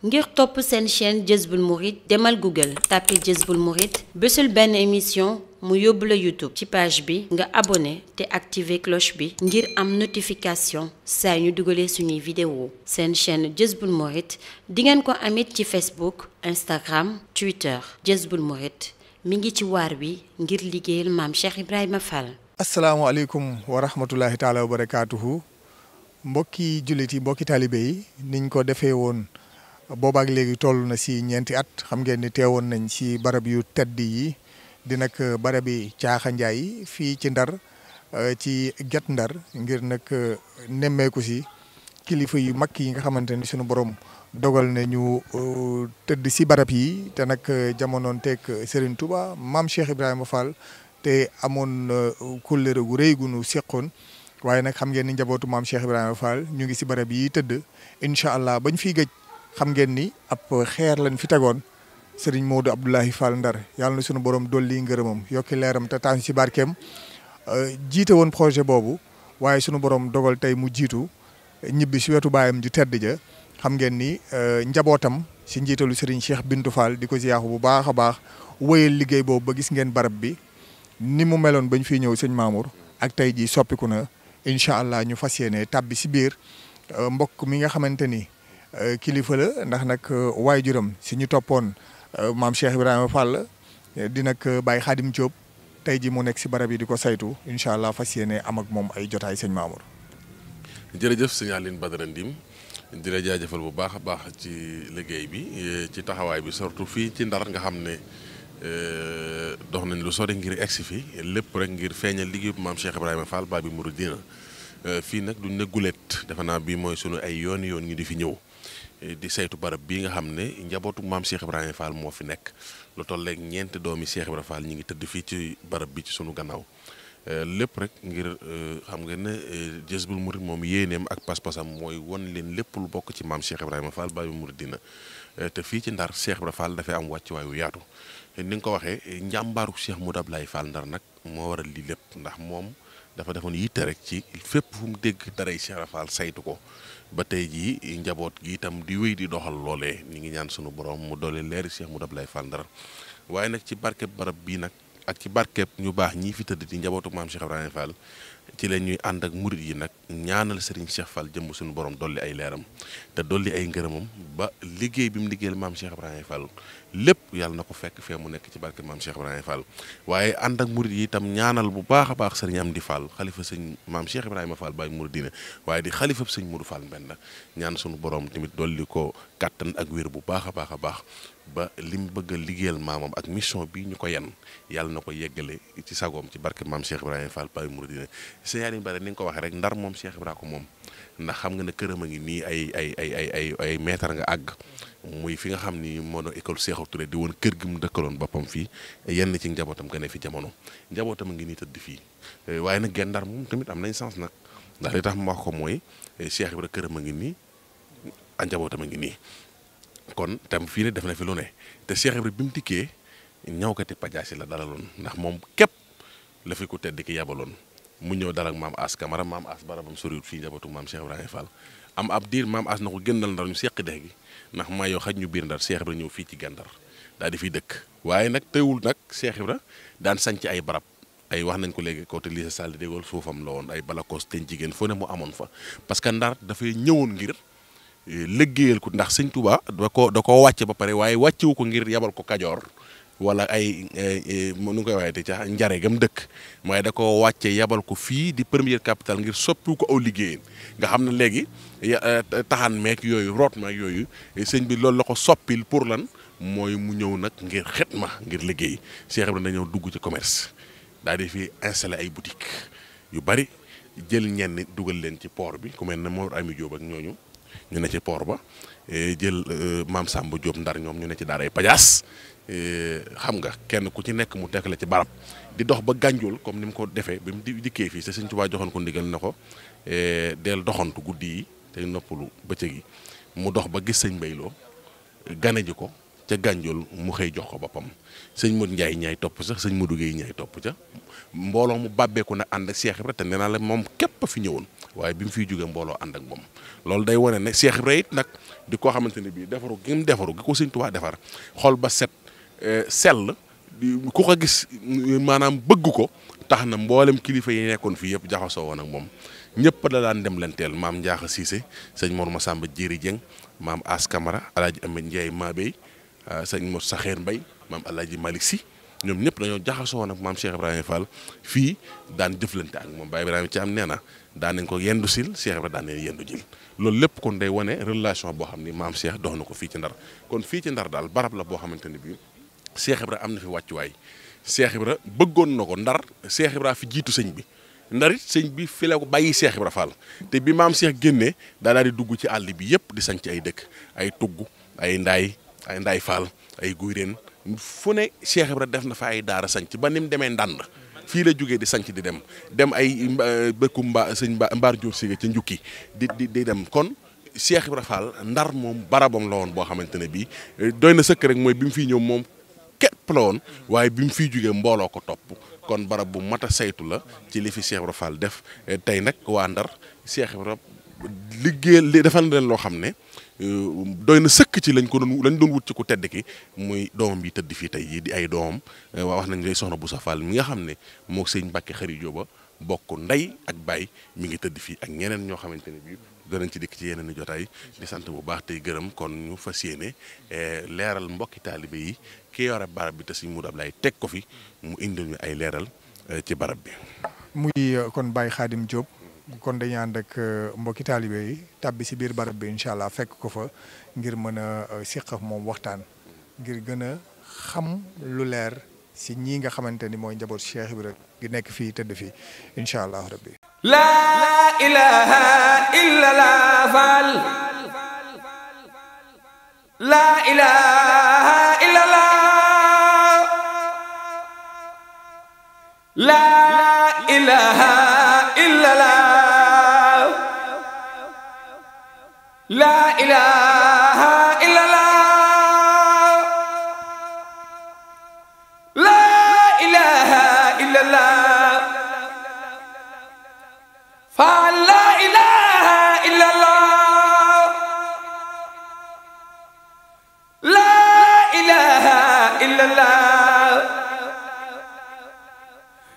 ngir top sen chaîne Jazboul Mourid. demal Google Tapez Jazboul Mourid. bésul ben émission mu yóbbu YouTube ci page bi nga abonné té activer cloche bi ngir am notification saa ñu dugalee suñuy vidéo sen chaîne Jazboul Mourid. di ngeen ko amit ci Facebook Instagram Twitter Jazboul Mourid. mi ngi ci waar wi ngir liggéeyal mam Cheikh Ibrahima Fall. asalaamaaleykum wa rahmatulahi taala wa barakaatuhu mbokki jullit yi mbokki talibé yi niñ ko defee woon. boobaak léegi toll na si ñeenti at xam ngeen ni teewoon nañ si barab yu tëdd yi di nag euh, barab yi Caaxa Njaay fii ci Ndar euh, ci Guet Ndar ngir nag euh, nemmeeku si kilifa yu mag yi nga xamante ni sunu borom dogal na ñu tëdd si barab yi te nag jamonoon teeg Serigne tubaa maam Cheikh Ibrahima Fall te amoon kóllëre gu réy gu nu seqoon. waaye nag xam ngeen ni njabootu maam Cheikh Ibrahima Fall ñu ngi si barab yi tëdd incha allah bañ fiy gëj xam ngeen ni ab xeer lañ fi tegoon serigne Modou abdullahi Fall Ndar yalla na suñu borom dolli ngërëmam yokki leeram ta tan ci barkeem euh, jité won projet bobu waye suñu borom dogal tay mu jitu ñibbi ci wetu bayam ju tedd ja xam ngeen ni euh, njabotam ci njiitalu serigne Cheikh Bintou Fall diko ziyahu bu baax baax wëyal liggey bobu ba gis ngeen barab bi ni mu melone bañ fi ñew serigne Mamour ak tay jii soppiku na inshallah allah ñu fas tabbi ci biir euh, mbokk mi nga xamanteni Euh, kilifa la ndax nag euh, waajuram si ñu toppoon euh, maam Cheikh Ibrahima Fall di nag Baye Khadim Diop tey ji mu nekk si barab yi di ko saytu incha allah fas yéene am ak moom ay jotaay sëñ Mamour. jërëjëf sëñ Aline Badara Ndim di la jaajëfal bu baax a baax ci liggéey bi ci taxawaay bi surtout fii ci ndar nga xam ne dox nañ lu sori ngir egsi fi lépp rek ngir feeñal liggéey bu maam Cheikh Ibrahima bi Babi Mouridina fii nag duñ ne gulet defe naa bii mooy sunu ay yoon yoon ñu di fi ñëw. di saytu barab bii nga xam ne njabootu maam Cheikh Ibrahima Fall moo fi nekk lu tolleeg ñeent doomi seex Ibrahima Fall ñu ngi tëdd fii ci barab bi ci sunu gannaaw euh, lépp rek ngir euh, xam nga ne euh, Jazboul Mouride moom yéeneem ak pas-pasam mooy won leen lépp lu bokk ci maam Cheikh Ibrahima Fall Baye dina te fii ci ndar seex Ibrahima Fall dafay am wàccuwaay wu yaatu ni nga ko waxee njàmbaaru Cheikh Modou Abdoulaye Fall ndar nag moo waral lii lépp ndax moom dafa defoon yitte rek ci fépp fu mu dégg daray Cheikh Ibrahima Fall ko. ba tey jii njaboot gi itam di wéy di doxal loole ñu ngi ñaan sunu borom mu doole leeri mu Modou lay Fall Ndar waaye nag ci barkeb barab bii nag ak ci barkeb ñu baax ñii fi tëdd di njabootu maam Cheikh Ibrahima Fall ci la ñuy ànd ak murit yi nag ñaanal Serigne Cheikh fal jëmm suñu borom dolli ay leeram te dolli ay ngërëmam ba liggéey bi mu liggéeyal maam Cheikh Ibrahima Fall lépp yàlla na ko fekk fee mu nekk ci barke maam Cheikh Ibrahima Fall waaye ànd ak murid yi itam ñaanal bu baax a baax sëriñ di Fall xalifa sëñ maam Cheikh Ibrahima Fall Baye dina waaye di xalifab sëñ Modou Fall Mbenda ñaan sunu borom tamit dolli ko kàttan ak wér bu baax a baax a baax ba li mu bëgg a liggéeyal maamam ak mission bi ñu ko yan yàlla na ko yeggale ci sagoom ci barke maam Cheikh Ibrahima Fall Baye Mouridina Serigne Bara ni nga ko waxee rek ndar moom Cheikh Ibrahima ko moom ndax xam nga ne këram a ngi nii ay ay ay ay ay ay mètre nga àgg muy fi nga xam ni moo doon école Cheikh Touré di woon kër gi mu dëkkaloon boppam fii yenn ci njabootam gën a fi jamono njabootam a ngi nii tëdd fii eh, waaye nag genn ndar moom tamit am nañ sens nag ndax li tax mu wax ko mooy eh, Cheikh këram a ngi nii ak njabootam ngi nii kon tam fii ne def na fi lu ne te Cheikh Ibrahima bi mu dikkee ñawkati pajaasi la dalaloon ndax moom képp la ko tedd ki yabaloon mu ñëw dal maam As Camara maam As barabam soriwut fii njabootu maam Cheikh Ibrahima Fall am ab diir maam As na ko gëndal ndar ñu seq dex gi ndax maa yoo xaj ñu biir ndar Cheikh Ibrahima ñëw fii ci gàndar daa di fi dëkk waaye nag teewul nag Cheikh Ibrahima daan sanc ay barab ay wax nañ ko léegi côté lycée Sall di dégool suufam la woon ay balakoos te jigéen foo ne mu amoon fa parce que ndar dafay ñëwoon ngir liggéeyal ko ndax sëñ Touba da ko da koo wàcce ba pare waaye wàccewu ko ngir yabal ko Kajoor wala ay nu ngi koy waaye te ca njare gam dëkk waaye da ko wàcce yabal ko fii di première capitale ngir soppiwu ko aw liggéeyal nga xam na léegi eh, taxaan meek yooyu root meek yooyu eh, sëñ bi loolu la ko soppil pour lan mooy mu ñëw nag ngir ma ngir liggéey Cheikh Ibrahima dañoo dugg ci commerce daal di fii installé ay boutique yu bari jël ñenn dugal leen ci port bi ku mel ne Ami Diop ak ñooñu ñu ne ci poor ba eh, jël eh, maam Samba jóob ndar ñoom ñu ne ci daaray Pajaas eh, xam nga kenn ku ci nekk mu teg la ci barab di dox ba gànjul comme ni mu ko defee bi mu dikkee fii sa Sëñ Tuubaa joxoon ko ndigal na ko del doxantu guddi yi te noppalu bëccëg yi mu dox ba gis sañ Mbayloo gane ji ko ca Gànjool mu xëy jox ko boppam sëñ Modou Ndiaye ñaay topp sax sëñ Modou Guèye ñaay topp ca mbooloo mu bàbbeeku na ànd ak Cheikh Ibra te nee la moom képp fi ñëwoon waaye bi mu fiy jógee mbooloo ànd ak moom loolu day wane ne Cheikh Ibra it nag di koo xamante ne bii defaru gi defaru gi ko sëñ Tuubaa defar xol ba set eh, sell ku ko gis maanaam bëgg ko tax na mboolem kilifa yi nekkoon fii yëpp jaxasoo woon ak moom ñëpp da daan dem leen teel maam Ndiakha Cissé sëñ Mor Massamba Diéry Dieng maam As Camara El Hadj Ahmed sëñ Mor Saxeer Mbay maam El Hadj Malick Si ñoom ñëpp dañoo jaxasoo woon ak maam Cheikh Ibrahima Fall fii daan jëflante ak moom Baye Ibrahima ci am nee na daan nañ ko yendu sil Cheikh Ibrahima daan nañ yendu jil loolu lépp kon day wane relation boo xam ni maam Cheikh dox na ko fii ci ndar kon fii ci ndar daal barab la boo xamante ni bii Cheikh Ibrahima am na fi wàccuwaay Cheikh Ibrahima bëggoon na ko ndar Cheikh Ibrahima fi jiitu sëñ bi ndar it sëñ bi fi la ko bàyyi seex Ibrahima Fall te bi maam Cheikh génnee daa di dugg ci àll bi yëpp di sañ ay dëkk ay tugg ay ndaay ay Nday Fall ay guy reen fu ne Cheikh Ibra def na fa ay daara sanc ba ni mu demee ndànd fii la jógee di sanc di dem dem ay bëkku mba sëñ mba mbaar Diop Siga ca njukki di di di dem kon Cheikh Ibra ndar moom barabam la woon boo xamante ne bii doy na sëkk rek mooy bi mu fi ñëw moom képp la woon waaye bi mu fiy jógee mbooloo ko topp kon barab bu mat a saytu la ci li fi Cheikh Ibra def tey nag waa ndar Cheikh liggéeyal li defal leen loo xam ne euh, doy na sëkk ci lañ ko doon lañ doon wut ci ku tedd ki muy doomam yi tëdd fii tey yi di ay doomam waa euh, wax nañ lay soxna Boussa Fall mi nga xam ne moo sëñ Mbàkke Xari Jóoba bokk ndey ak baay mu ngi tëdd fii ak ñeneen ñoo xamante ne bii danañ ci dikk ci yeneen i jotaay di sant bu baax tey gërëm kon ñu fa yéene euh, leeral mbokki taalibe yi ki yore barab bi te si Moudou Ablaye teg ko fi mu indil ñu ay leeral ci barab bi. muy kon kon dañuy ànd ak euh, mbokki talibé yi tabbi ci bir barab bi inshallah fekk ko fa ngir mëna euh, sikh mom waxtaan ngir gëna xam lu leer si ñi nga xamanteni ni njabot cheikh bi rek gi nekk fi tëdd fi inshallah rabbi la ilaha illa la fal la ilaha illa la la ilaha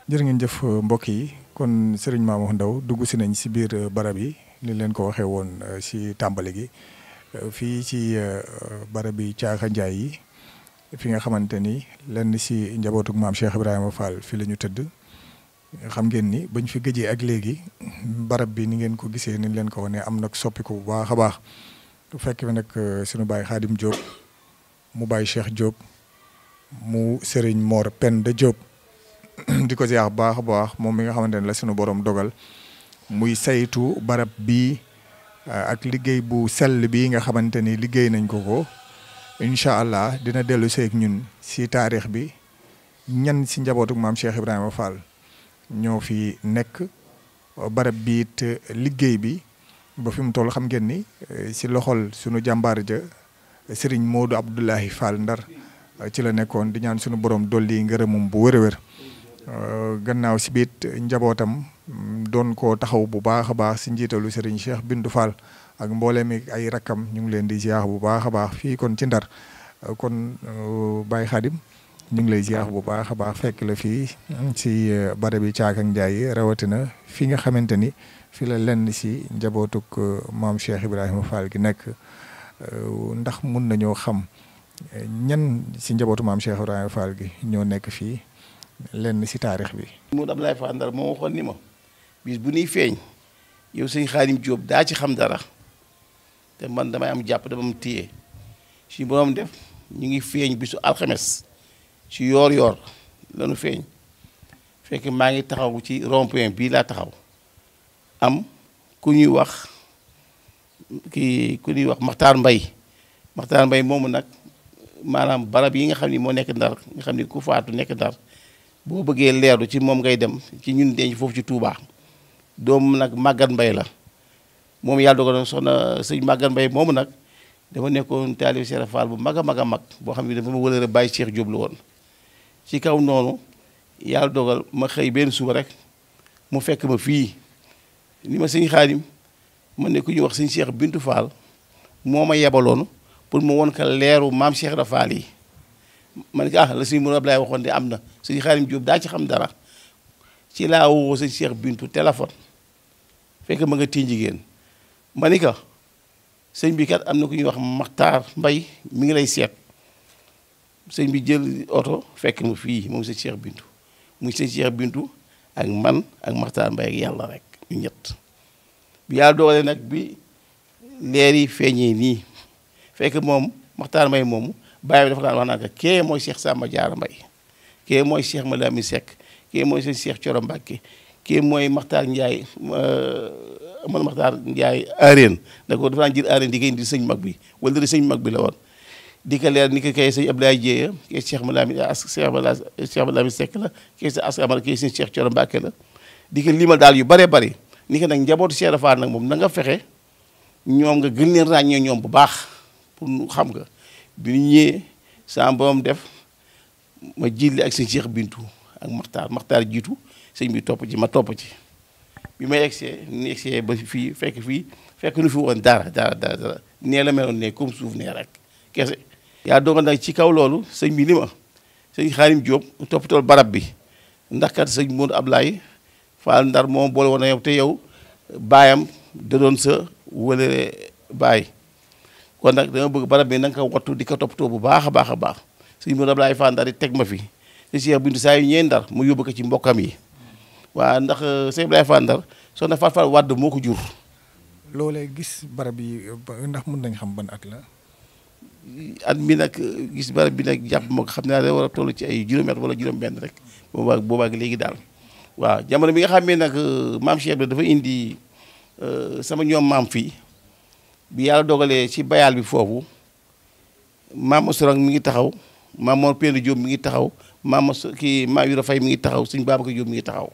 jërë ngeen jëf mbokk yi kon sëriñ Mamour ndaw dugg si nañ si biir euh, barab yi ni leen ko waxee woon euh, si tàmbali gi euh, fii ci barab yi caaxa njaay yi fi nga xamante ni lenn si njabootug maam Cheikh Ibrahima Fall fi la ñu tëdd xam ngeen ni bañ fi gëjee ak léegi barab bi ni ngeen ko gisee ni leen ko wane am nag soppiku bu baax a baax fekk fekkee nag sunu baay Xaadim Diop mu baay Cheikh jóob mu serigne mor pen de job diko ziar bax bax mom mi nga xamantene la sunu borom dogal muy saytu barab bi euh, ak liggey bu sel bi nga xamantene liggey nañ ko ko inshallah dina delu ak ñun ci tarikh bi ñan ci njabotuk mam cheikh ibrahima fall ñoo fi nek barab bi te liggey bi ba fi mu xam ngeen ni ci euh, loxol sunu jambar je serigne modou abdullahi fall ndar ci la nekkoon di ñaan suñu borom dolli ngërëmum bu wër a wër euh, gannaaw si biit njabootam mm, doon ko taxaw bu baax a baax si njiitalu Serigne Cheikh Bindu Fall ak mboolemi ay rakkam ñu ngi leen di ziar bu baax a baax fii kon ci ndar euh, kon euh, Baye Khadim ñu ngi lay ziar bu baax a baax fekk la fii mm, si bare bi caak ak njaay rawatina fi nga xamante ni fi la lenn si njabootuk maam Cheikh Ibrahima Fall gi nekk ndax mun na nañoo xam. ñan si njabootu maam Cheikh Ibrahima Fall gi ñoo nekk fii lenn si taarix bi. Maodo Abdoulaye Fall Ndar moo waxoon ni ma bis bu nuy feeñ yow sëñ Xaadim Jóob daa ci xam dara te man damay am jàpp dama am téye si borom def ñu ngi feeñ bisu alxames si yoor-yoor lanu feeñ fekk maa ngi taxaw ci rond bii laa taxaw am ku ñuy wax kii ku ñuy wax Maxtaar Mbay Maxtaar Mbay moomu nag. maanaam barab yi nga xam ni moo nekk ndar nga xam ni ku faatu nekk ndar boo bëggee leeru ci moom ngay dem ci ñun denc foofu ci Touba doomu nag màggat mbay la moom yàlla dogaloon soxna sëñ màggat mbay moomu nag dama nekkoon taalib Serigne bu mag a mag a mag boo xam ne dafa ma wëlëre Baye Cheikh Diop la woon ci kaw noonu yàlla dogal ma xëy benn suba rek mu fekk ma fii li ma sëñ Xaadim ma ne ñuy wax sëñ Cheikh Bintu Fall moo ma yebaloon pour mu won ko leeru maam Cheikh Ibra Fall yi man ah la suñu mën Ablaye waxoon de am na suñu xaarim Jóob daa ci xam dara ci laa woo sëñ Bintu téléphone fekk ma nga tii jigéen ma ni sëñ bi kat am na ku ñuy wax Maxtaar Mbay mi ngi lay seet sëñ bi jël oto fekk mu fii moom sëñ Cheikh Bintu muy sëñ Bintu ak man ak Maxtaar Mbay ak yàlla rek ñu ñett bi yàlla doole nag bi leer yi feeñee nii fekk moom Maxtaar Mbay moomu bàyyi bi dafa daan wax naan kee mooy Cheikh Samba Diarra Mbay kee mooy Cheikh Malami Seck kee mooy sëñ Cheikh Coro Mbàkke kii mooy Maxtaar Njaay euh, man Maxtaar Njaay aareen da ko dafa daan jël sëñ mag bi wala sëñ mag bi la woon di ko ni ko kay sëñ Abdoulaye Jéeya kay Cheikh Malami as Cheikh Malami la kay sa as amal kay sëñ Cheikh Coro Mbàkke la di ko limal daal yu bare bari ni ko nag njabootu Cheikh Rafaal nag moom na fexe ñoom nga gën leen ràññee ñoom bu baax pour nu xam nga bi ñu ñëwee sama borom def ma jiitle ak sëñ Cheikh Bintu ak Maxtaar Maxtaar jiitu sëñ bi topp ci ma topp ci bi ma yegsee ni yegsee ba fii fekk fii fekk nu fi woon daara dara dara dara nee la meloon ne comme suuf nee rek kese yaa dogal nag ci kaw loolu sëñ bi ni ma sëñ Xaarim Diop toppatool barab bi ndax kat sëñ Modou Ablaye Fall Ndar moom boole woon na yow te yow baayam da doon sa wële baay kon nak dama bëgg barab bi na ko wattu di ko toppatoo bu baaxa baaxa baax a baax abdoulaye fane dal di tek ma fi si Cheikh Bintu say yu ñee ndar mu yóbbu ko ci mbokam yi wa ndax Cheikh Ablaye Fall ndar so na fa Wàdd moo ko jur lolé gis barab yi ndax mën nañ xam ban at la at mi nak gis barab bi nak japp ma ko xam da wara tollu ci ay juroom at wala juroom benn rek ba bo ba legi dal wa jamono bi nga xamé nak mam maam Cheikh da fa indi sama ñoom maam fi bi yàlla dogalee ci bayaal bi foofu maam Ousseyn mi ngi taxaw maam Mor Penda Diop mi ngi taxaw maam kii maam Yoro Faye mi ngi taxaw sëñ Babacar Diop mi ngi taxaw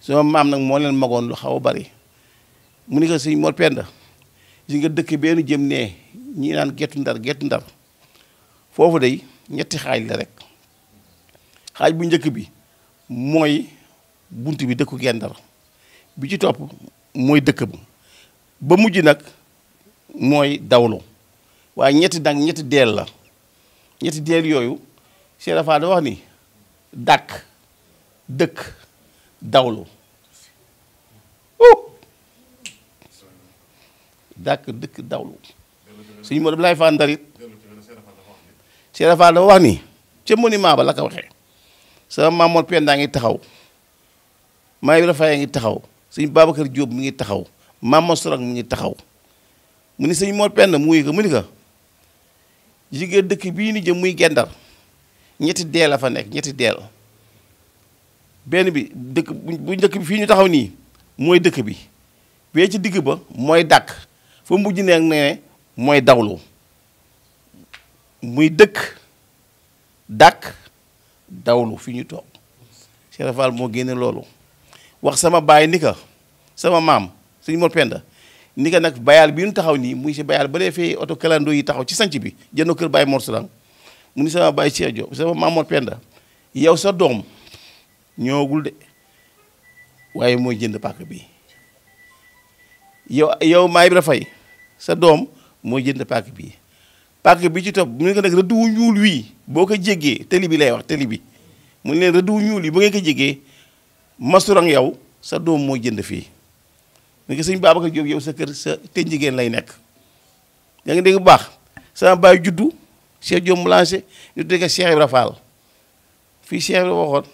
sama maam nag moo leen magoon lu xaw a bari mu ni ko sëñ Mor Penda si nga dëkk benn jëm nee ñi naan gettu ndar gettu ndar foofu day ñetti xaaj la rek xaaj bu njëkk bi mooy bunt bi dëkku gendar bi ci topp mooy dëkk bu ba mujj nag mooy dawlu waaye ñetti dang ñetti deel la ñetti deel yooyu Cheikh Rafa da wax ni dàkk dëkk dawlu dàkk dëkk dawlu suñu moo dam laay faa ndarit Cheikh Rafa dafa wax ni ca monument ba la ko waxee sama maam Mor Penda ngi taxaw maa ngi rafet ngi taxaw suñu kër Diop mu ngi taxaw maam Mor Sorang mi ngi taxaw mu ni sëñ Mor Penda mu wuyu ko mu ni ko jigéen dëkk bii ni jëm muy gendar ñetti deel a fa nekk ñetti deel benn bi dëkk bu njëkk bi fii ñu taxaw nii mooy dëkk bi bee ci digg ba mooy dàkk fa mujj ne ak ne mooy dawlu muy dëkk dàkk dawlu fi ñu toog Cheikh Fall moo génne loolu wax sama baay ni ka sama maam sëñ Mor Penda ni nga nag bayaal bi ñu taxaw nii muy si bayaal ba dee fee oto kalandoo yi taxaw ci sanc bi jëndoo kër Baye Mor Salam mu ni sama Baye Cheikh Diop sama Mamour yow sa doom ñoogul waaye mooy jënd pàkk bi yow yow maa Ibra sa doom mooy jënd pàkk bi pàkk bi ci topp mu ne ñuul wii boo ko jéggee tëli bi lay wax tëli bi mu leen rëdd ñuul yi bu ngeen ko jéggee masturang yow sa doom mooy jënd fii ni ko seigne Babacar Diop yow sa keur sa te jigéen lay nek yaa ngi deg bax sa bay juddu Cheikh Diop Moulanger ñu deg Cheikh Ibra Fall fii Cheikh Ibra waxoon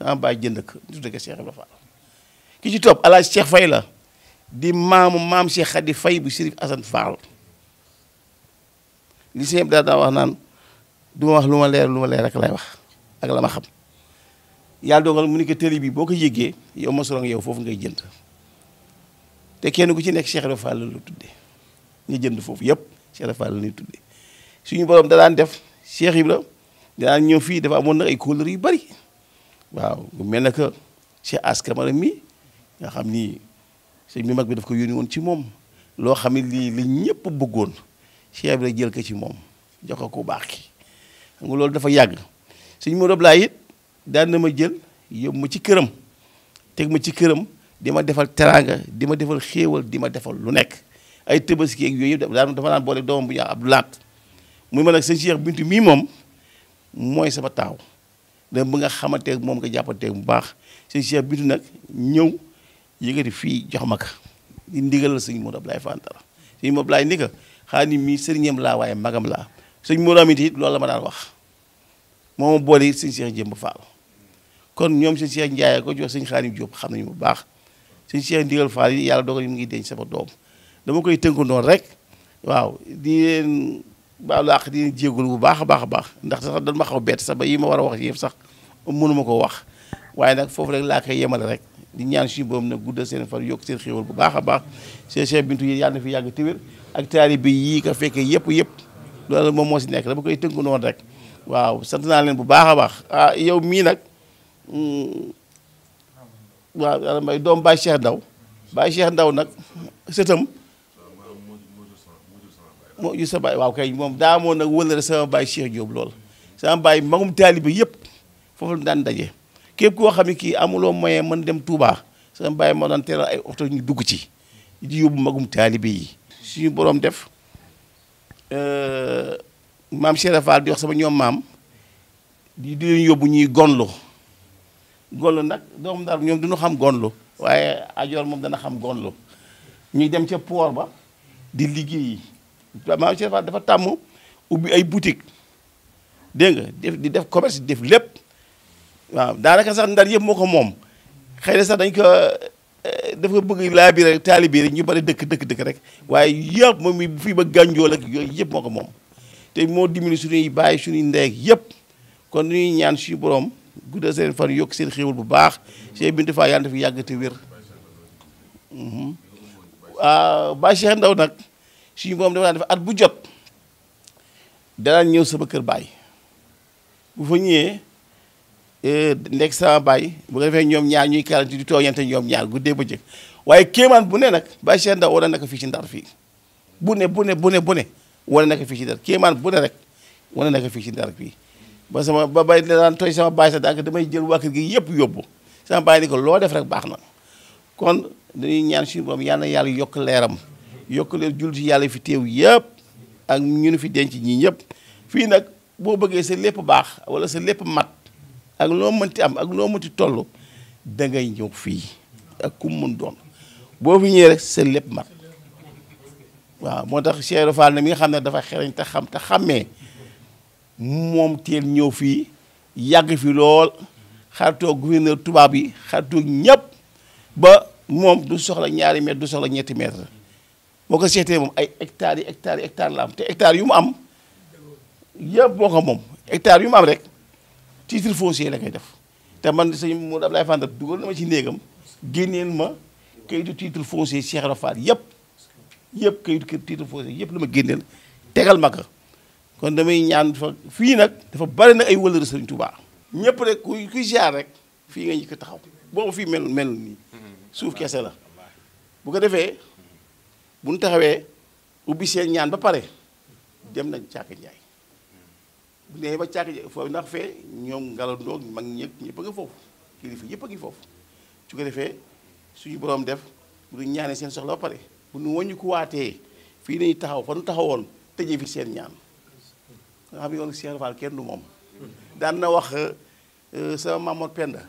sama baay jënd ko ñu tuddee Cheikh Ibra Fall ki ci top ala Cheikh fay la di mam mam Cheikh khadi fay bu sirif Assane Fall li seigne bi daa wax naan du wax luma leer luma leer rek lay wax ak la ma xam yalla dogal mu ni ke tëli bi boko ko yow ma sorong yow fofu ngay jënd te kenn ku ci nekk Cheikh Ibra Fall la tudde ñu jënd foofu yëpp Cheikh Ibra Fall la ñuy tudde suñu borom da daan def Cheikh yi da daan ñëw fii dafa amoon nag ay couleur yu bari waaw mel na que Cheikh As Camara mi nga xam ni sëñ bi mag bi daf ko yónni woon ci moom loo xam ne lii li ñëpp bëggoon Cheikh Ibra jël ko ci moom jox ko ku baax ki xam nga loolu dafa yàgg suñu moroom laa it daan na ma jël yóbbu ma ci këram teg ma ci këram di ma defal teraanga di ma defal xéewal di ma defal lu nekk ay tëbaski yooyu yëpp dafa daan boole doomam bu ñu ab laat muy ma nag sëñ Cheikh Bintu mii moom mooy sama taaw da bu nga xamanteeg moom nga jàppanteeg bu baax sëñ Cheikh Bintu nag ñëw yëkkati fii jox ma ko di ndigalal sëñ Modou Ablaye Fantara sëñ Modou Ablaye ni ko xaa mii sëriñam laa waaye magam laa sëñ Modou Amit it loolu la ma daan wax moo ma boole sëñ Cheikh Jëmb kon ñoom sëñ Cheikh Ndiaye ko jox sëñ Xaadim xam nañu bu baax suñ Cheikh Ndigal Fall yi yàlla dogal yi mu ngi denc sama doom dama koy tënku noonu rek waaw di leen baalu di leen bu baax a baax a baax ndax sax dañ ma xaw bett sax ba yi ma war a wax yëpp sax mënuma ko wax waaye nag foofu rek laa koy yemale rek di ñaan suñu borom nag guddal seen far yokk seen xéwal bu baax a baax seen yi yàlla na fi yàgg téwér ak taalibe yii ko fekkee yëpp yëpp loolu moom moo si nekk dama koy tënku rek ah, yow mii nag mm, waaw doom Baye Cheikh Ndaw Baye Cheikh Ndaw nag sëtam moo jur sa baay waaw kay moom daa moo nag wëlëre sama Baye Cheikh Diop lool sama Baye magum taalibe yëpp foofu daan daje képp koo xam ne kii amuloo moyen mën dem Touba sama Baye moo ay oto ñu dugg ci di yóbbu magum taalibe yi suñu boroom def euh, maam Cheikh Fall di wax sama ñoom maam di di leen yóbbu ñuy gonlu gonlu nag doomu ndar ñoom duñu xam gonlu waaye ajoor moom dana xam gonlu ñuy dem ca poor ba di liggéey yi maam Cheikh Fall dafa tàmm ubbi ay boutique dégg nga di def commerce di def lépp waaw daanaka sax ndar yëpp moo ko moom xëy na sax dañ ko eh, dafa bëgg laa bi rek taali bi rek ñu bari dëkk dëkk dëkk rek waaye yëpp moom mi fii ba gànjool ak yooyu yëpp moo ko moom te moo dimbali suñuy bàyyi suñuy ndeeg yëpp kon ñuy ñaan suñu boroom guddal seen fan yokk seen xéewal bu baax Cheikh Bintou Fall yàlla fi yàgg te wér mhm. ah Baye Cheikh Ndaw nag suñu moom dafa daan def at bu jot danaa ñëw sama kër baay bu fa ñëwee eh, nekk sama baay bu ko defee ñoom ñaar ñuy karanti di tooñante ñoom ñaar guddee ba jëkk waaye kéemaan bu ne nag Baye Cheikh Ndaw wane na fii ci ndar fii bu ne bu ne bu bu ne wane na fii ci ndar kéemaan bu rek wane na fii ci ndar fii ba sama ba bay daan tooy sama baay sa dànk damay jël waa kër gi yëpp yóbbu sama baay ni ko loo def rek baax na kon dañuy ñaan suñu borom yal na yàlla yokk leeram yokk leer jul ci yàlla fi teew yëpp ak ñu nu fi denc ñii ñëpp fii nag boo bëggee sa lépp baax wala sa lépp mat ak loo mënti am ak loo mënti toll dangay ñëw fii ak ku mun doon boo fi ñëwee rek sa lépp mat waaw moo tax Cheikh Fall mi nga xam ne dafa xereñ te xam te xàmmee moom teel ñëw fii yàgg fi lool xaritoo gouverneur tubaab yi xaritoo ñëpp ba moom du soxla ñaari mètre du soxla ñetti mètre boo ko seetee moom ay hectares yi hectares yi hectares la am te hectares yu mu am yëpp boo ko moom hectares yu mu am rek titre foncier la koy def te man sëñ Modou Abdoulaye Fandar dugal la ma ci néegam génneel ma kayitu titre foncier Cheikh Rafaal yëpp yëpp kayitu titre foncier yëpp la ma génneel tegal ma ko kon damay ñaan fii nag dafa bari na ay wëlëri Sëriñ Tuubaa ñëpp rek kuy kuy ziar rek fii nga ñu taxaw boobu fii mel melul nii suuf kese la bu ko defee bu taxawee ubbi ñaan ba pare dem nañ càkk njaay bu ba càkk njaay foofu ndax fee ñoom ngalandoog mag ñëpp ñëpp a nga foofu kilifa yëpp a ngi foofu su ko defee suñu boroom def bu ñu ñaanee seen soxla ba pare bu nu wàññi ku waatee fii nañu taxaw fa nu taxawoon tëjee fi seen ñaan nga xam yoonu Cheikh Fall kenn du moom daan na wax euh, euh, sama Mamoor Penda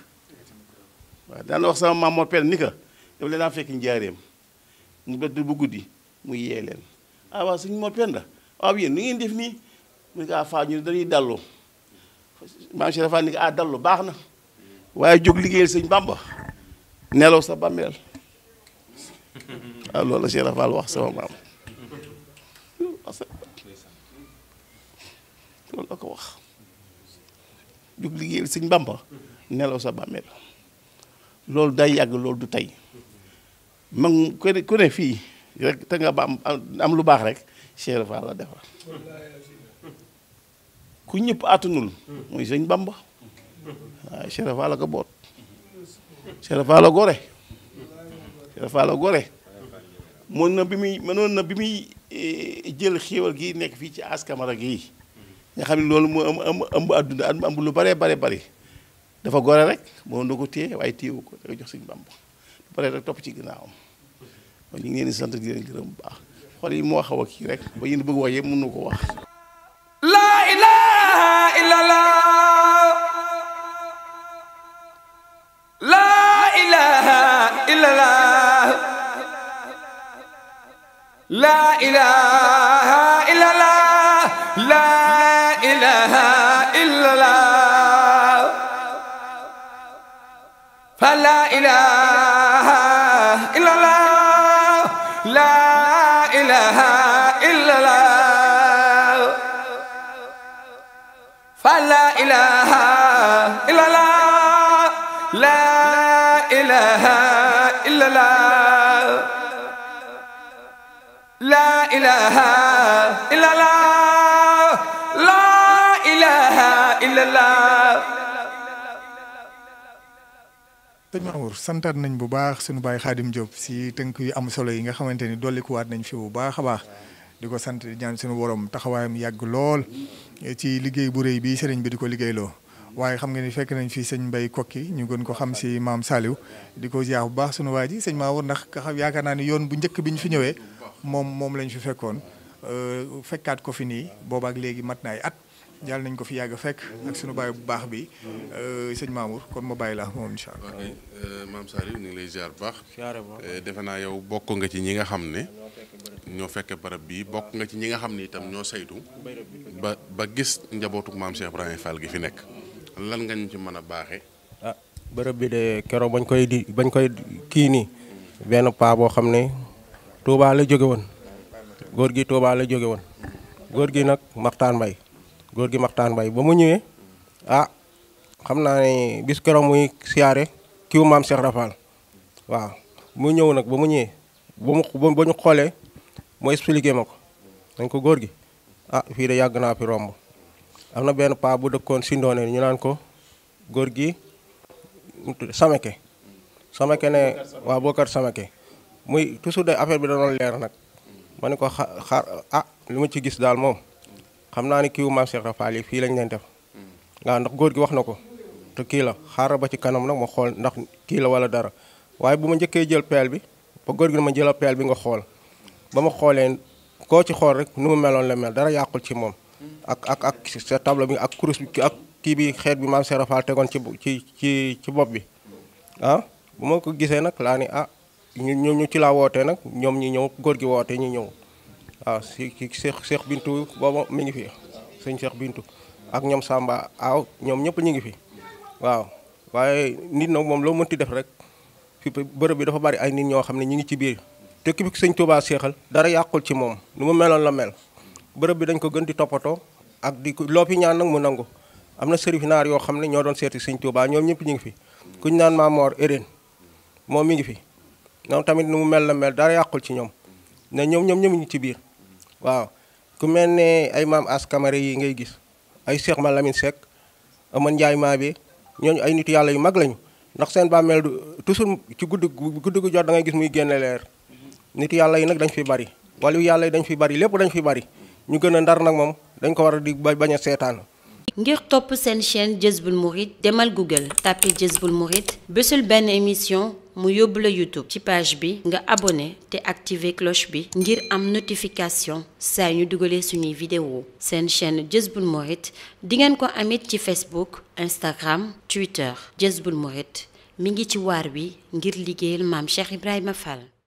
waaw daan na wax sama Mamoor Penda ni ko daf leen daan fekk njaareem mu bett bu guddi mu yee leen ah waaw suñu Mor Penda ah, ngeen def nii mu ah ñu dañuy dallu maam Cheikh Fall ni ah, dallu baax na waaye jóg liggéeyal sëñ Bamba nelaw sa bàmmeel waaw ah, loolu la Cheikh wax sama maam loolu la ko wax jug liggéeyal sëñ Bàmba nelaw sa bàmmeel loolu day yàgg loolu du tey man ku ne fii rek te nga ba am am lu baax rek Cheikh Fall la defar ku ñëpp àttanul muy sëñ Bàmba waaw la ko boot Cheikh la gore Cheikh Fall la gore mën na bi muy mënoon na bi muy eh, jël xéewal gi nekk fii ci askamara gii nga xam ne loolu moo am am am adduna am lu bare bare bari dafa gore rek moo na ko téye waaye téyewu ko da jox Sëriñ Bàmba bare rek topp ci ginnaawam ñu di sant di leen gërëm yi moo xaw a ko wax laa ilaha illallah laa laa ilaha ilaha illallah la ilaha illallah sëñ Mamour santaat nañ bu baax suñu baay Xaadim Diop si tënk yu am solo yi nga xamante ni dollikuwaat nañ fi bu baax baax di ko sant di ñaan suñu borom taxawaayam yàgg lool eh, ci liggéey bu rëy bi sëriñ bi di ko liggéeyloo waaye xam nga ni fekk nañ fi sëñ Mbay Kokki ñu gën ko xam si maam Saliou di ko ziar bu baax suñu waa ji sëñ Mamour ndax ka xam yaakaar naa ni yoon bu njëkk bi fi ñëwee mom mom lañ fi euh fekkat ko fi matnai ak mat nay at yal nañ ko fi yag fek ak suñu baye bu baax bi euh, seigne Mamour kon ma bàyyi la moom incha euh mam Saliou ni lay ziar bu baax. Euh, defe naa yow bokk nga ci ñi nga xamne ño fekke barab bi bokk nga ci ñi nga xamne tam ño saytu ba ba gis njabootu mam Cheikh ibrahim Fall gi fi nek lan nga ñu ci mëna baaxé ah barab bi de kéro bañ koy di bañ koy ki ni benn pa bo xamne Touba la jóge woon góor gi Touba jóge woon góor gi nag Makhtar mbay góor gi maxtaan mbay ba mu ñëwee ah xam naa ni bis keroog muy siyaare kiw maam Cheikh Rafal waaw mu ñëw nag ba mu ñëwee ba mu ñu xoolee mu expliqué ma ko dañ ko góor gi ah fii de yàgg naa fi romb am na benn paa bu dëkkoon sindoone ñu naan ko góor gi sameke sameke ne waaw Bokar sameke muy toujours day affaire bi da doon leer nag ma ne ko xaar a ah, lu ma ci gis daal moom xam naa ne kii wu maam Cheikh Rafaal yi fii lañ leen def waaw ndax góor gi wax na ko te kii la xaaral ba ci kanam nag ma xool ndax kii la wala dara waaye bu ma njëkkee jël peel bi ba góor gi ma jëlal peel bi nga xool ba ma xoolee koo ci xool rek nu mu meloon la mel dara yàqul ci moom ak ak ak sa table bi ak kurus bi ak kii bi xeet bi maam Cheikh Rafaal tegoon ci ci ci ci bopp bi ah, ñu ñu ci laa wootee nag ñoom ñi ñëw góor gi wootee ñu ñëw waaw si si Cheikh Cheikh Bintu booba mi ngi fi sëñ Cheikh Bintu ak ñoom sàmba aaw ñoom ñëpp ñu ngi fi waaw waaye nit nag moom loo mënti def rek fi bërëb bi dafa bari ay nit ñoo xam ne ñu ngi ci biir te ki sëñ Touba seexal dara yàqul ci moom nu mu meloon la mel bërëb bi dañ ko gën di toppatoo ak di loo fi ñaan nag mu nangu am na sërif naar yoo xam ne ñoo doon seeti sëñ Touba ñoom ñëpp ñu ngi fi kuñ naan Mamor Ereen moom mi ngi fi ñoom tamit nu mu mel na mel dara yàqul ci ñoom ne ñoom ñoom ñëmuñu ci biir waaw ku mel ne ay maam as kamara yi ngay gis ay Cheikh Ma Lamine Seck aman njaay maa bi ñooñu ay nit yàlla yu mag lañu ndax seen bàmmeel du toujours ci guddi guddi gu jot da ngay gis muy génn leer nit yàlla yi nag dañ fi bari wala yàlla yi dañ fi bari lépp dañ fi bari ñu gën a ndar nag moom dañ ko war a di bañ a seetaan. ngir topp seen chaîne Jazboul Mouride demal Google tàppi Jazboul Mouride bésul benn émission. mu YouTube ci page bi nga abonné te activer cloche bi ngir am notification saa ñu suñu vidéo chaîne di ko amit ci Facebook Instagram Twitter jezbul mi ngi ci ngir mam Cheikh Ibrahima